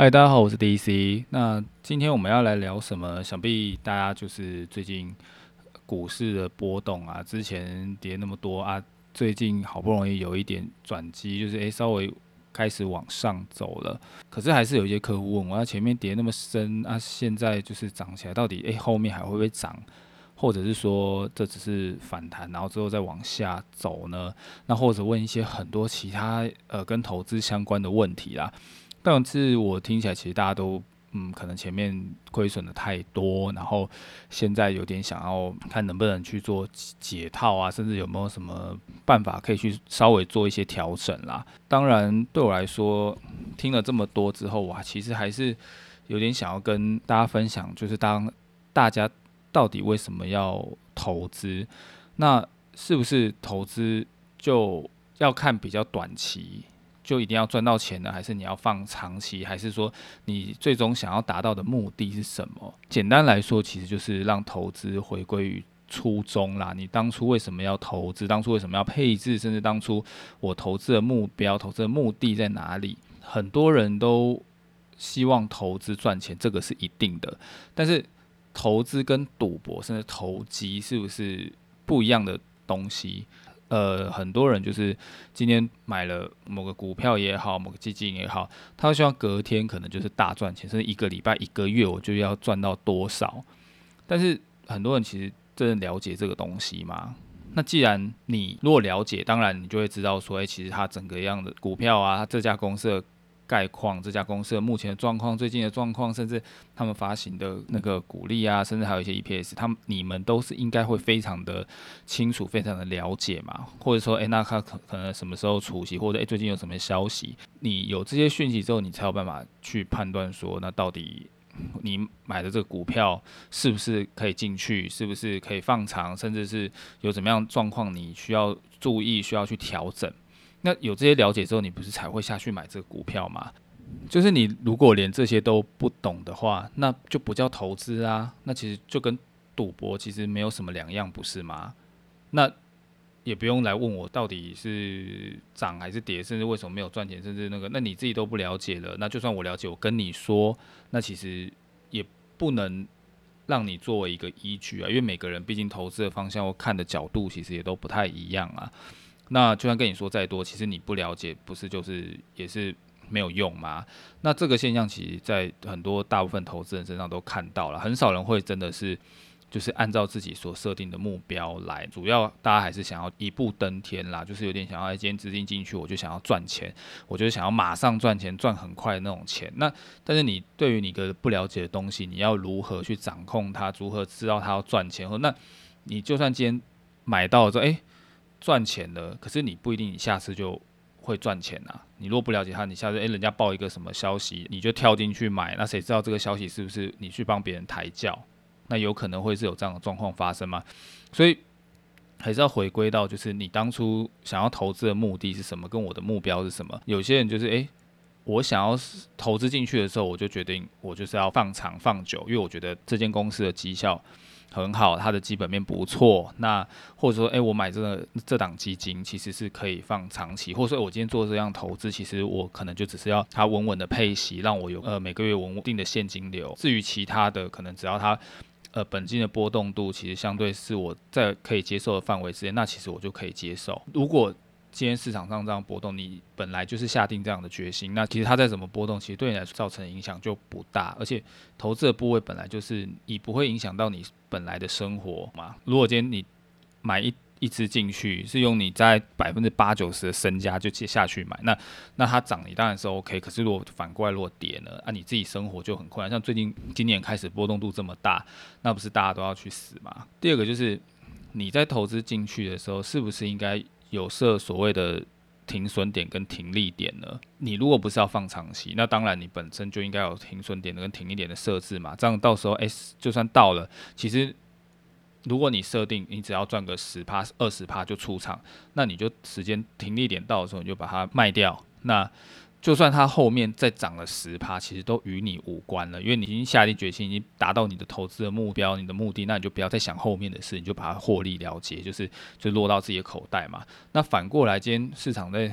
嗨，Hi, 大家好，我是 DC。那今天我們要來聊什麼？想必大家就是最近股市的波動啊，之前跌那麼多啊，最近好不容易有一點轉機，就是誒、欸，稍微開始往上走了。可是還是有一些客戶問，我、啊、前面跌那麼深啊，現在就是漲起來，到底誒、欸，後面還會不會漲？或者是說這只是反彈，然後之後再往下走呢？那或者問一些很多其他呃跟投資相關的問題啦。上次我聽起來，其實大家都嗯，可能前面虧損的太多，然後現在有點想要看能不能去做解套啊，甚至有沒有什麼辦法可以去稍微做一些調整啦。當然，對我來說，聽了這麼多之後，哇，其實還是有點想要跟大家分享，就是當大家到底為什麼要投資？那是不是投資就要看比較短期？就一定要賺到錢呢？還是你要放長期？還是說你最終想要達到的目的是什麼？簡單來說，其實就是讓投資回歸於初衷啦。你當初為什麼要投資？當初為什麼要配置？甚至當初我投資的目標、投資的目的在哪裡？很多人都希望投資賺錢，這個是一定的。但是投資跟賭博，甚至投機是不是不一樣的東西？呃，很多人就是今天買了某個股票也好，某個基金也好，他希望隔天可能就是大賺錢，甚至一個禮拜、一個月我就要賺到多少。但是很多人其實真的了解這個東西嗎？那既然你若了解，當然你就會知道說，哎、欸，其實它整個樣的股票啊，他這家公司的，概況，這家公司的目前的狀況、最近的狀況，甚至他們發行的那個股利啊，甚至還有一些 EPS，他們你們都是應該會非常的清楚、非常的了解嘛？或者說，哎，那他可可能什麼時候除息，或者誒最近有什麼消息？你有這些訊息之後，你才有辦法去判斷說，那到底你買的這個股票是不是可以進去，是不是可以放長，甚至是有怎麼樣狀況，你需要注意，需要去調整。那有這些了解之後，你不是才會下去買這個股票嗎？就是你如果連這些都不懂的話，那就不叫投資啊。那其實就跟賭博其實沒有什麼兩樣，不是嗎？那也不用來問我到底是漲還是跌，甚至為什麼沒有賺錢，甚至那個，那你自己都不了解了。那就算我了解，我跟你說，那其實也不能讓你作為一個依據啊，因為每個人畢竟投資的方向或看的角度，其實也都不太一樣啊。那就算跟你說再多，其實你不了解，不是就是也是沒有用嗎？那這個現象其實，在很多大部分投資人身上都看到了，很少人會真的是就是按照自己所設定的目標來。主要大家還是想要一步登天啦，就是有點想要，哎，今天資金進去，我就想要賺錢，我就想要馬上賺錢，賺很快的那種錢。那但是你對於你個不了解的東西，你要如何去掌控它？如何知道它要賺錢後？那你就算今天買到了之後，說、欸，誒賺錢的，可是你不一定你下次就會賺錢啊！你如果不了解他，你下次哎，人家報一個什麼消息，你就跳進去買，那誰知道這個消息是不是你去幫別人抬轎？那有可能會是有這樣的狀況發生嗎？所以還是要回歸到，就是你當初想要投資的目的是什麼，跟我的目標是什麼？有些人就是哎，我想要投資進去的時候，我就決定我就是要放長放久，因為我覺得這間公司的績效。很好，它的基本面不錯。那或者說，哎、欸，我買這個這檔基金其實是可以放長期，或者說我今天做這樣投資，其實我可能就只是要它穩穩的配息，讓我有呃每個月穩穩定的現金流。至於其他的，可能只要它呃本金的波動度其實相對是我在可以接受的範圍之內，那其實我就可以接受。如果今天市場上這樣波動，你本來就是下定這樣的決心，那其實它再怎麼波動，其實對你來說造成影響就不大，而且投資的部位本來就是你不會影響到你本來的生活嘛。如果今天你買一一支進去，是用你在百分之八九十的身家就接下去買，那那它漲你當然是 OK，可是如果反過來如果跌呢，啊你自己生活就很困難。像最近今年開始波動度這麼大，那不是大家都要去死嗎？第二個就是你在投資進去的時候，是不是應該有設所謂的停損點跟停利點呢？你如果不是要放長期，那當然你本身就應該有停損點跟停利點的設置嘛。這樣到時候，欸，就算到了，其實如果你設定你只要賺個十趴、二十趴就出場，那你就時間停利點到的時候你就把它賣掉。那就算它後面再漲了十趴，其實都與你無關了，因為你已經下定決心，已經達到你的投資的目標，你的目的，那你就不要再想後面的事，你就把它獲利了結，就是就落到自己的口袋嘛。那反過來，今天市場在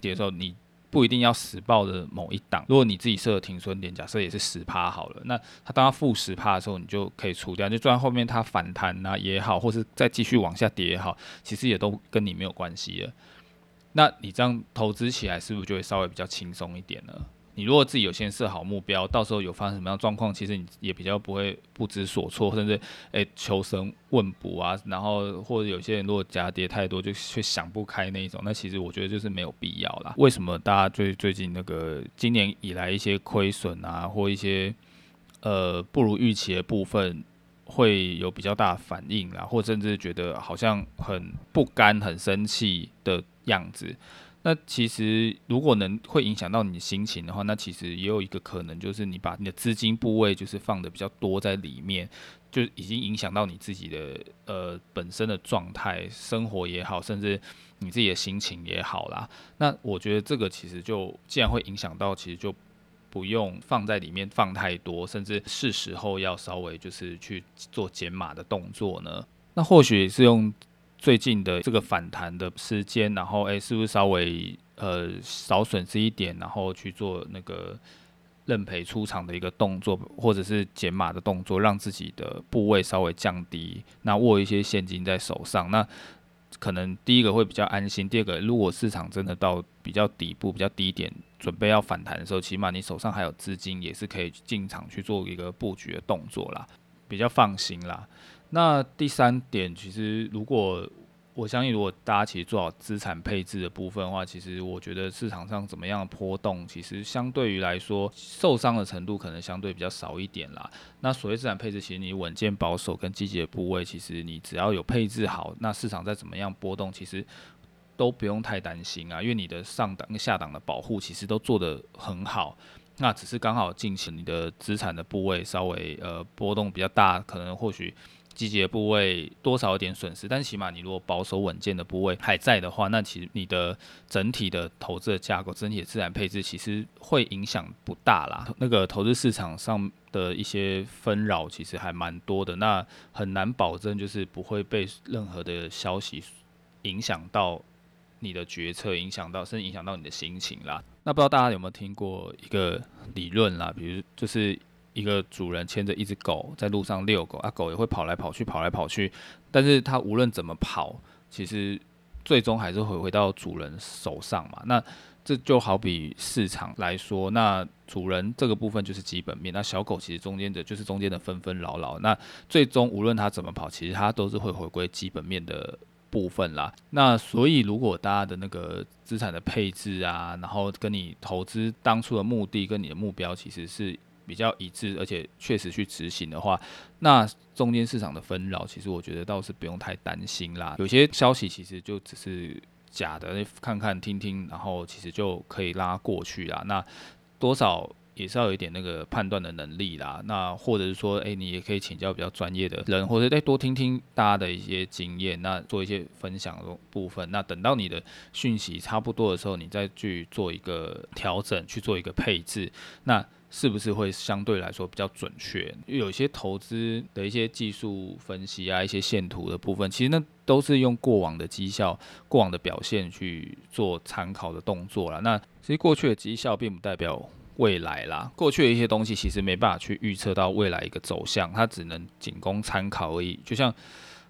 跌的時候，你不一定要死抱着某一檔，如果你自己設的停損點，假設也是十趴好了，那他他，那它當它負十趴的時候，你就可以出掉，就算後面它反彈呢、啊、也好，或是再繼續往下跌也好，其實也都跟你沒有關係了。那你這樣投資起來，是不是就會稍微比較輕鬆一點呢？你如果自己有先設好目標，到時候有發生什麼樣狀況，其實你也比較不會不知所措，甚至誒、欸、求神問卜啊，然後或者有些人如果家跌太多，就卻想不開那一種，那其實我覺得就是沒有必要啦。為什麼大家最最近那個今年以來一些虧損啊，或一些呃不如預期的部分？會有比較大的反應啦，啦或甚至覺得好像很不甘、很生氣的樣子。那其實如果能會影響到你的心情的話，那其實也有一個可能，就是你把你的資金部位就是放得比較多在裡面，就已經影響到你自己的呃本身的狀態、生活也好，甚至你自己的心情也好啦。那我覺得這個其實就既然會影響到，其實就。不用放在裡面放太多，甚至是時候要稍微就是去做減碼的動作呢？那或許是用最近的這個反彈的時間，然後誒、欸，是不是稍微呃少損失一點，然後去做那個認賠出場的一個動作，或者是減碼的動作，讓自己的部位稍微降低，那握一些現金在手上，那可能第一個會比較安心，第二個如果市場真的到比較底部、比較低點。準備要反彈的時候，起碼你手上還有資金，也是可以進場去做一個布局的動作啦，比較放心啦。那第三點，其實如果我相信，如果大家其實做好資產配置的部分的話，其實我覺得市場上怎麼樣的波動，其實相對於來說受傷的程度可能相對比較少一點啦。那所謂資產配置，其實你穩健保守跟積極的部位，其實你只要有配置好，那市場再怎麼樣波動，其實。都不用太擔心啊，因為你的上檔跟下檔的保護其實都做得很好，那只是剛好進行你的資產的部位稍微呃波動比較大，可能或許積極部位多少有點損失，但起碼你如果保守穩健的部位還在的話，那其實你的整體的投資的架構，整體的資產配置其實會影響不大啦。那個投資市場上的一些紛擾其實還蠻多的，那很難保證就是不會被任何的消息影響到，你的決策影響到，甚至影響到你的心情啦。那不知道大家有沒有聽過一個理論啦？比如，就是一個主人牽着一隻狗在路上遛狗，啊，狗也會跑來跑去，跑來跑去，但是它無論怎麼跑，其實最終還是會回，回到主人手上嘛。那這就好比市場來說，那主人這個部分就是基本面，那小狗其實中間的就是中間的紛紛擾擾。那最終無論它怎麼跑，其實它都是會回歸基本面的。部分啦，那所以如果大家的那個資產的配置啊，然後跟你投資當初的目的跟你的目標其實是比較一致，而且確實去執行的話，那中間市場的紛擾，其實我覺得倒是不用太擔心啦。有些消息其實就只是假的，看看聽聽，然後其實就可以拉過去啦。那多少也是要有一點那個判斷的能力啦。那或者是說，誒、欸，你也可以請教比較專業的人，或者再、欸、多聽聽大家的一些經驗，那做一些分享的部分。那等到你的訊息差不多的時候，你再去做一個調整，去做一個配置，那是不是會相對來說比較準確？因為有一些投資的一些技術分析啊，一些線圖的部分，其實那都是用過往的績效、過往的表現去做參考的動作了。那其實過去的績效並不代表。未來啦，過去的一些東西其實沒辦法去預測到未來一個走向，它只能僅供參考而已。就像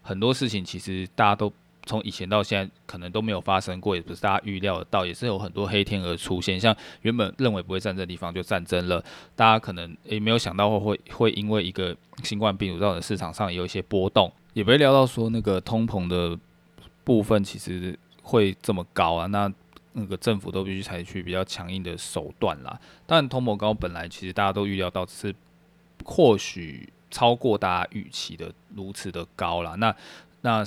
很多事情，其實大家都從以前到現在，可能都沒有發生過，也不是大家預料到，也是有很多黑天鵝出現。像原本認為不會戰爭的地方就戰爭了，大家可能也、欸、沒有想到會會會因為一個新冠病毒造成市場上有一些波動，也不會料到說那個通膨的部分其實會這麼高啊。那那、嗯、個政府都必須採取比較強硬的手段啦。當然，通膨高本來其實大家都預料到，是或許超過大家預期的如此的高啦。那那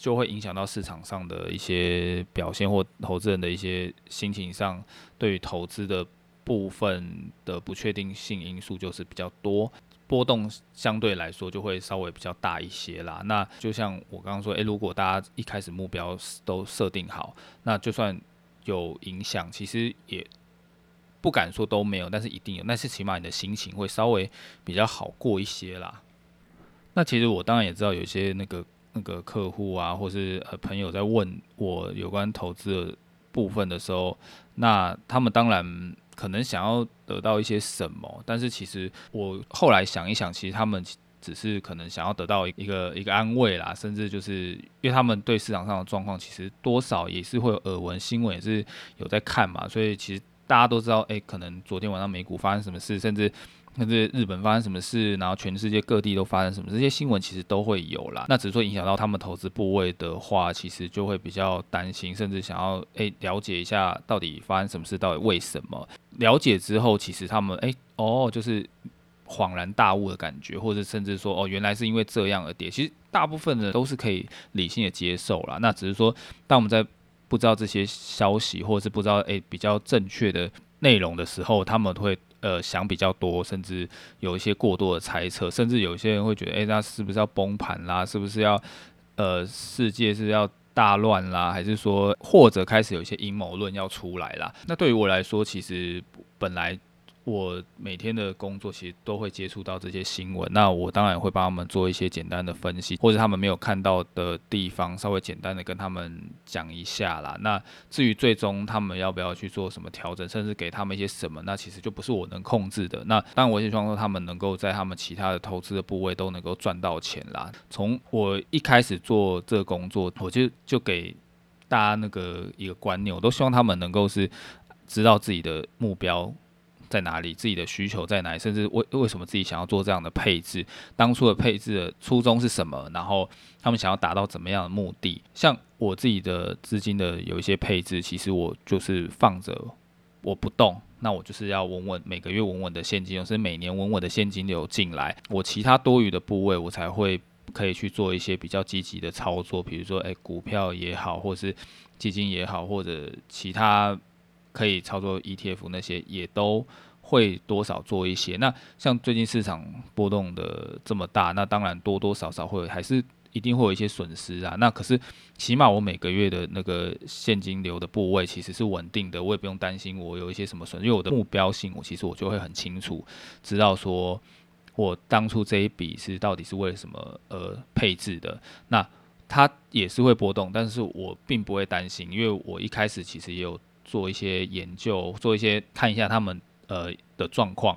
就會影響到市場上的一些表現或投資人的一些心情上，對於投資的部分的不確定性因素就是比較多，波動相對來說就會稍微比較大一些啦。那就像我剛剛說、欸，如果大家一開始目標都設定好，那就算。有影響，其實也不敢說都沒有，但是一定有。但是起碼你的心情會稍微比較好過一些啦。那其實我當然也知道，有些那個那個客戶啊，或是和朋友在問我有關投資的部分的時候，那他們當然可能想要得到一些什麼，但是其實我後來想一想，其實他們。只是可能想要得到一個一個安慰啦，甚至就是因為他們對市場上的狀況其實多少也是會有耳聞，新聞也是有在看嘛，所以其實大家都知道，哎、欸，可能昨天晚上美股發生什麼事，甚至甚至日本發生什麼事，然後全世界各地都發生什麼，這些新聞其實都會有啦。那只是說影響到他們投資部位的話，其實就會比較擔心，甚至想要哎、欸、了解一下到底發生什麼事，到底為什麼。了解之後，其實他們哎、欸、哦就是。恍然大悟的感覺，或者甚至說，哦，原來是因為這樣而跌。其實大部分的人都是可以理性的接受啦，那只是說，當我們在不知道這些消息，或者是不知道誒、欸、比較正確的內容的時候，他們會呃想比較多，甚至有一些過多的猜測，甚至有些人會覺得，誒、欸，那是不是要崩盤啦？是不是要呃世界是，是要大亂啦？還是說，或者開始有一些陰謀論要出來啦？那對於我來說，其實本來。我每天的工作其實都會接觸到這些新聞，那我當然也會幫他們做一些簡單的分析，或者他們沒有看到的地方，稍微簡單的跟他們講一下啦。那至於最終他們要不要去做什麼調整，甚至給他們一些什麼，那其實就不是我能控制的。那當然我也希望說他們能夠在他們其他的投資的部位都能夠賺到錢啦。從我一開始做這個工作，我就就給大家那個一個觀念，我都希望他們能夠是知道自己的目標在哪裡？自己的需求在哪裡？甚至為為什麼自己想要做這樣的配置？當初的配置的初衷是什麼？然後他們想要達到怎麼樣的目的？像我自己的資金的有一些配置，其實我就是放着我不動，那我就是要穩穩每個月穩穩的、的現金流，或是每年穩穩的現金流進來，我其他多餘的部位我才會可以去做一些比較積極的操作，比如說哎、欸、股票也好，或是基金也好，或者其他。可以操作 ETF 那些也都會多少做一些。那像最近市場波動的這麼大，那當然多多少少會有，還是一定會有一些損失啊。那可是起碼我每個月的那個現金流的部位其實是穩定的，我也不用擔心我有一些什麼損，因為我的目標性我其實我就會很清楚知道說我當初這一筆是到底是為了什麼而配置的。那它也是會波動，但是我並不會擔心，因為我一開始其實也有。做一些研究，做一些看一下他們呃的狀況，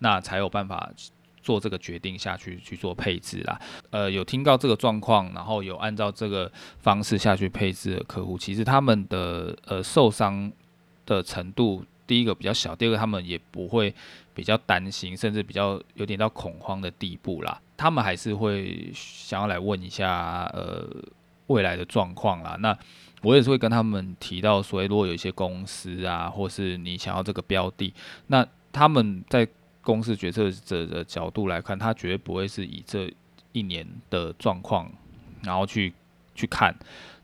那才有辦法做這個決定下去去做配置啦。呃，有聽到這個狀況，然後有按照這個方式下去配置的客戶，其實他們的呃受傷的程度，第一個比較小，第二個他們也不會比較擔心，甚至比較有點到恐慌的地步啦。他們還是會想要來問一下呃未來的狀況啦。那。我也是會跟他們提到說，如果有一些公司啊，或是你想要這個標的，那他們在公司決策者的角度來看，他絕對不會是以這一年的狀況，然後去去看，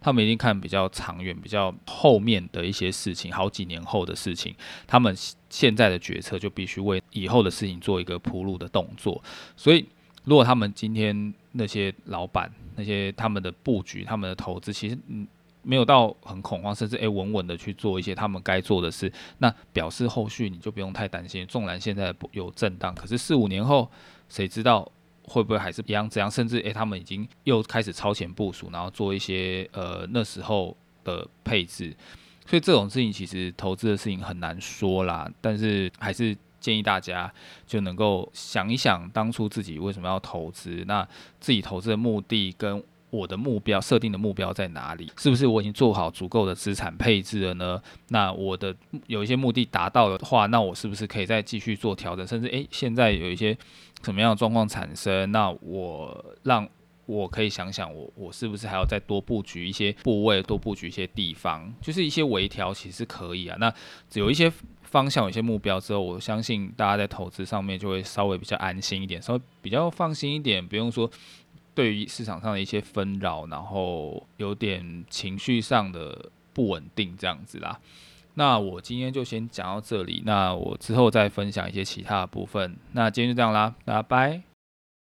他們一定看比較長遠、比較後面的一些事情，好幾年後的事情。他們現在的決策就必須為以後的事情做一個鋪路的動作。所以，如果他們今天那些老闆、那些他們的布局、他們的投資，其實嗯。沒有到很恐慌，甚至誒穩穩的去做一些他們該做的事，那表示後續你就不用太擔心。縱然現在有震盪，可是四五年後，誰知道會不會還是一樣,樣？這樣甚至誒,誒，他們已經又開始超前部署，然後做一些呃那時候的配置。所以這種事情其實投資的事情很難說啦，但是還是建議大家就能夠想一想當初自己為什麼要投資，那自己投資的目的跟。我的目標設定的目標在哪裡？是不是我已經做好足夠的資產配置了呢？那我的有一些目的達到的話，那我是不是可以再繼續做調整？甚至誒、欸，現在有一些什麼樣的狀況產生？那我讓我可以想想我，我我是不是還要再多布局一些部位，多布局一些地方？就是一些微調，其實可以啊。那只有一些方向、有一些目標之後，我相信大家在投資上面就會稍微比較安心一點，稍微比較放心一點，不用說。對於市場上的一些紛擾，然後有點情緒上的不穩定，這樣子啦。那我今天就先講到這裡，那我之後再分享一些其他的部分。那今天就這樣啦，大家拜。